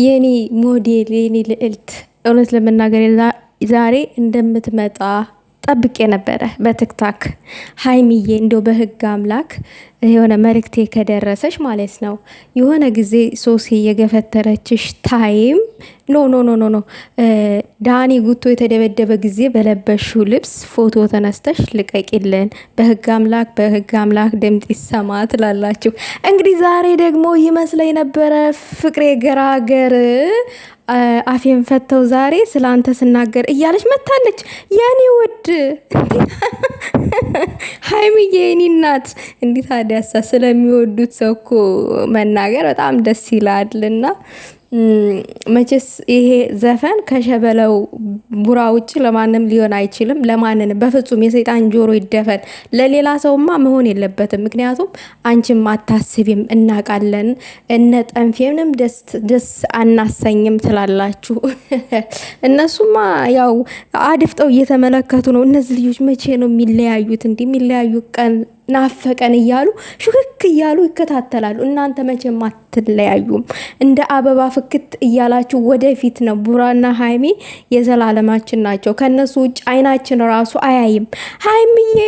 የኔ ሞዴል የኔ ልዕልት እውነት ለመናገር ዛሬ እንደምትመጣ ጠብቄ ነበረ። በትክታክ ሀይሚዬ እንደው በህግ አምላክ የሆነ መልእክቴ ከደረሰች ማለት ነው የሆነ ጊዜ ሶሴ የገፈተረችሽ ታይም ኖ ኖ ኖ ኖ ኖ ዳኒ ጉቶ የተደበደበ ጊዜ በለበሹ ልብስ ፎቶ ተነስተሽ ልቀቂልን፣ በህግ አምላክ በህግ አምላክ ድምፅ ይሰማ ትላላችሁ። እንግዲህ ዛሬ ደግሞ ይመስለ ነበረ ፍቅሬ ገራገር አፌን ፈተው ዛሬ ስለ አንተ ስናገር እያለች መታለች። የኔ ውድ ሀይሚዬ የኔ እናት እንዲህ ታዲያሳ ስለሚወዱት ሰው እኮ መናገር በጣም ደስ ይላል መቼስ ይሄ ዘፈን ከሸበለው ቡራ ውጭ ለማንም ሊሆን አይችልም። ለማንንም በፍጹም የሰይጣን ጆሮ ይደፈን። ለሌላ ሰውማ መሆን የለበትም። ምክንያቱም አንቺም አታስቢም፣ እናቃለን። እነ ጠንፌንም ደስ አናሰኝም ትላላችሁ። እነሱማ ያው አድፍጠው እየተመለከቱ ነው። እነዚህ ልጆች መቼ ነው የሚለያዩት? እንዲህ የሚለያዩ ቀን ናፈቀን እያሉ ሽክክ እያሉ ይከታተላሉ። እናንተ መቼም አትለያዩም። እንደ አበባ ፍክት እያላችሁ ወደፊት ነው። ቡራና ሀይሜ የዘላለማችን ናቸው። ከእነሱ ውጭ አይናችን ራሱ አያይም። ሀይሚዬ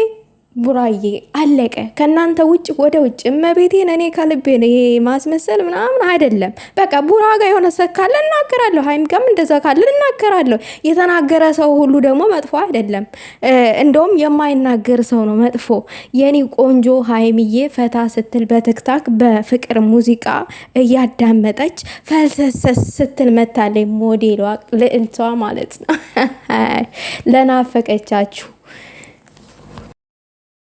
ቡራዬ አለቀ። ከእናንተ ውጭ ወደ ውጭ እመቤቴን፣ እኔ ከልቤ ነው። ይሄ ማስመሰል ምናምን አይደለም። በቃ ቡራ ጋር የሆነ ሰ ካለ እናገራለሁ፣ ሀይም ጋም እንደዛ ካለ እናገራለሁ። የተናገረ ሰው ሁሉ ደግሞ መጥፎ አይደለም። እንደውም የማይናገር ሰው ነው መጥፎ። የኔ ቆንጆ ሀይምዬ ፈታ ስትል በትክታክ በፍቅር ሙዚቃ እያዳመጠች ፈልሰሰስ ስትል መታለች። ሞዴሏ ልዕልቷ ማለት ነው ለናፈቀቻችሁ